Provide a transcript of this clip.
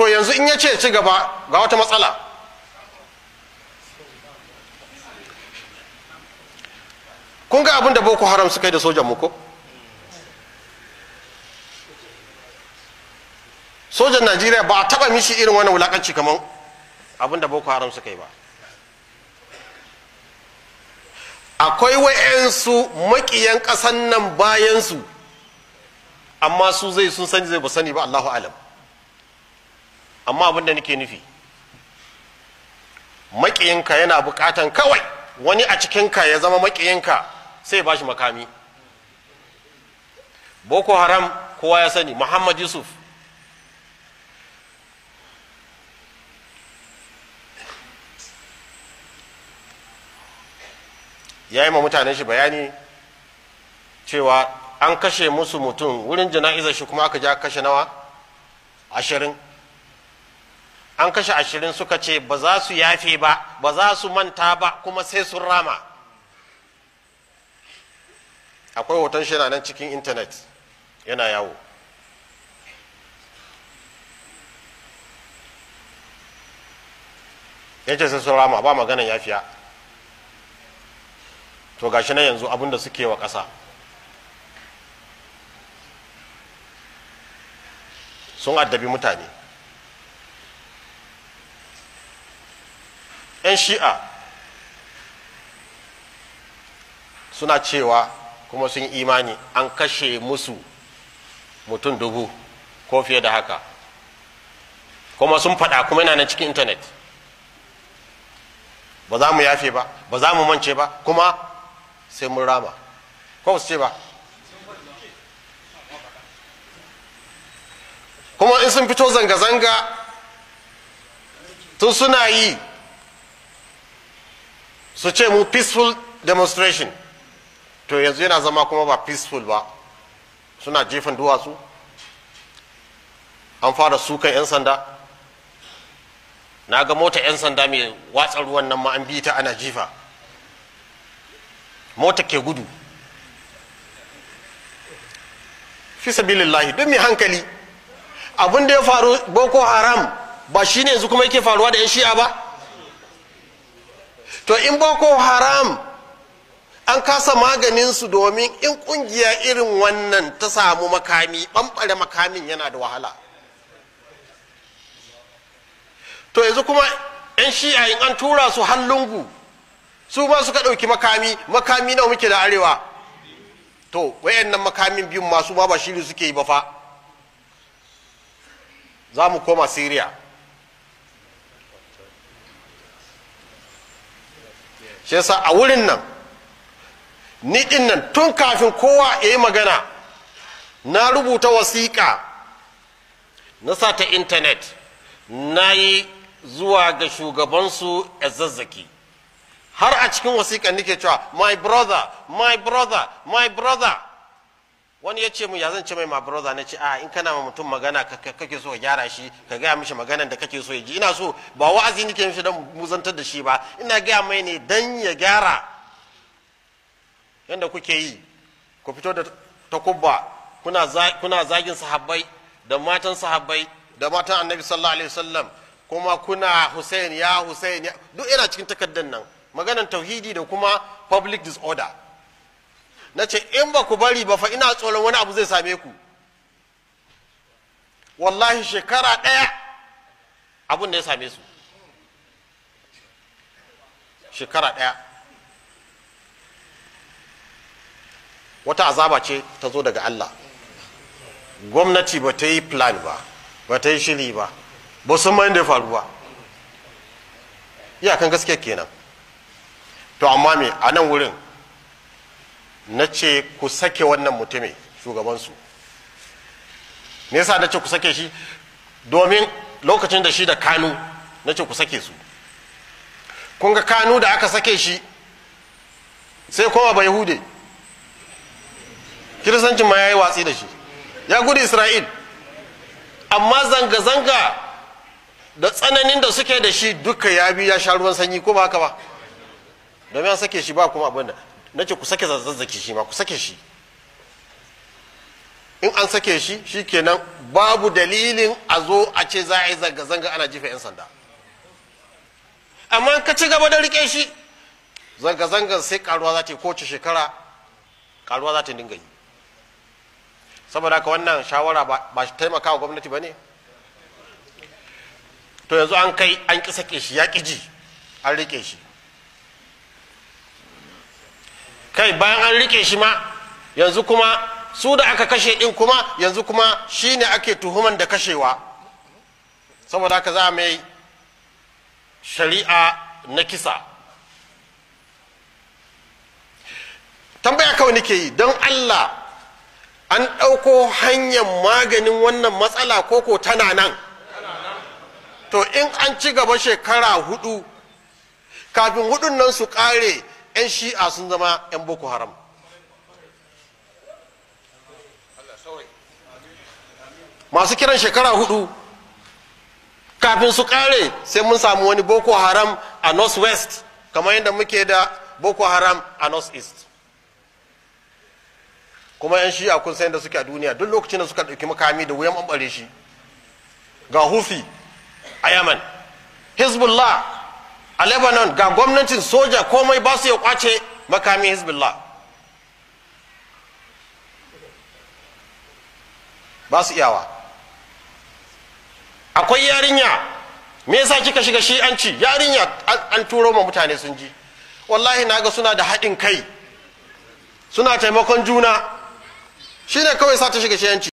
to yanzu in ya ce ci gaba ga wata matsala kun ga abin da boko haram su kai da sojan muku sojan najeriya ba a taba mishi irin wani wulakanci kamar abin da boko haram su kai ba akwai wa'yansu makiyan ƙasan nan bayansu amma su zai sun sani zai ba sani ba allahu alam amma abin da nake nufi maƙiyinka yana buƙatan kawai wani a cikinka ya zama maƙiyinka sai ba shi makami boko haram kowa ya sani muhammad yusuf ya yi ma mutane shi bayani cewa an kashe musu mutum wurin jana'izar shi kuma aka ja kashe nawa ashirin an kashe ashirin suka ce ba za su yafe ba ba za su manta ba kuma sai sun rama akwai hoton shi nan cikin intanet yana yawo yace sai sun rama ba maganan yafiya to gashi na yanzu abinda suke wa ƙasa sun addabi mutane 'yan shi'a suna cewa kuma sun imani an kashe musu mutum dubu ko fiye da haka kuma sun faɗa kuma yana nan cikin intanet ba za mu yafe ba ba za mu mance ba kuma sai mun rama ko su ce ba kuma in sun fito zanga-zanga tun suna yi su ce mu peaceful demonstration to yanzu yana zama kuma ba peaceful ba suna jefan duwatsu an fara sukan 'yan sanda na ga mota 'yan sanda mai watsar ruwan nan ma an bi ta ana jifa mota ke gudu fi sabilillahi don mai hankali abin da ya faru boko haram ba shine yanzu kuma yake faruwa da 'yan shi'a ba to in boko haram an kasa maganinsu domin in kungiya irin wannan ta samu makami bambare makamin yana da wahala to yanzu kuma 'yan shi'a in an tura su hallungu su ma suka ɗauki makami makami nawa muke da arewa to wayannan makamin biyun masu ma ba shiri suke yi ba fa za mu koma Siriya. shi yasa a wurin nan ni din nan tun kafin kowa ya yi magana na rubuta wasiƙa na sa ta intanet na yi zuwa ga shugabansu zazzaki har a cikin wasiƙa nike cewa my brother my brother my brother wani ya ce mu ya zan ce mai ma brother na ce a ah, in kana ma mutum magana kake so ka gyara shi ka gaya mishi maganan da kake so ya ji ina so ba wa'azi nike mishi don muzantar da shi ba ina gaya mai ne dan ya gyara yadda kuke yi ku fito da takubba kuna zagin sahabbai da matan sahabbai da matan annabi sallallahu alaihi wasallam kuma kuna Hussein ya Hussein duk yana cikin takaddan nan maganan tauhidi da kuma public disorder na ce in ba ku bari ba fa ina tsoron wani abu zai same ku wallahi shekara ɗaya abun da ya same su shekara ɗaya wata azaba ce ta zo daga Allah gwamnati ba ta yi plan ba ba ta yi shiri ba ba sun mayan da ya faru ba iyakan gaske kenan to amma me a nan wurin na ce ku sake wannan mutumin shugabansu me yasa na ce ku sake shi domin lokacin da shi da kanu na ce ku sake su kun ga kanu da aka sake shi sai kowa bai hude kirisancin ma ya yi watsi da shi ya gudu isra'il amma zanga-zanga da tsananin da suke da shi duka ya bi ya sha ruwan sanyi ko ba haka ba domin sake shi ba kuma abin da na ce ku sake zazzaki shi ma ku sake shi in an sake shi shi kenan babu dalilin a zo a ce za a yi zanga-zanga ana jifa 'yan sanda amma ka ci gaba da rike shi zanga-zangar sai karuwa za ta yi kowace shekara karuwa za ta dinga yi saboda haka wannan shawara ba shi taimaka wa gwamnati ba ne to yanzu an kai an ƙi sake shi ya ƙi ji an rike shi kai bayan an rike shi ma yanzu kuma su da aka kashe din kuma yanzu kuma shine ake tuhuman da kashewa saboda haka za mai shari'a na kisa tambaya kawai nake yi don allah an ɗauko hanyar maganin wannan matsala koko tana nan to in an ci gaba shekara hudu kafin hudun nan su kare. 'yan shi'a sun zama 'yan boko haram masu kiran shekara hudu kafin su kare sai mun samu wani boko haram a north west kamar yadda muke da boko haram a north east kuma 'yan shi'a kun san da suke a duniya duk lokacin da suka ɗauki makami da wuyan ɓanɓare shi ga hufi a yaman hezbollah a lebanon ga gwamnatin soja komai ba su ya kwace makamin hezbollah ba su iyawa akwai yarinya me yasa kika shiga shi'anci yarinya an turo ma mutane sun ji wallahi na ga suna da haɗin kai suna taimakon juna shi ne kawai sa ta shiga shi'anci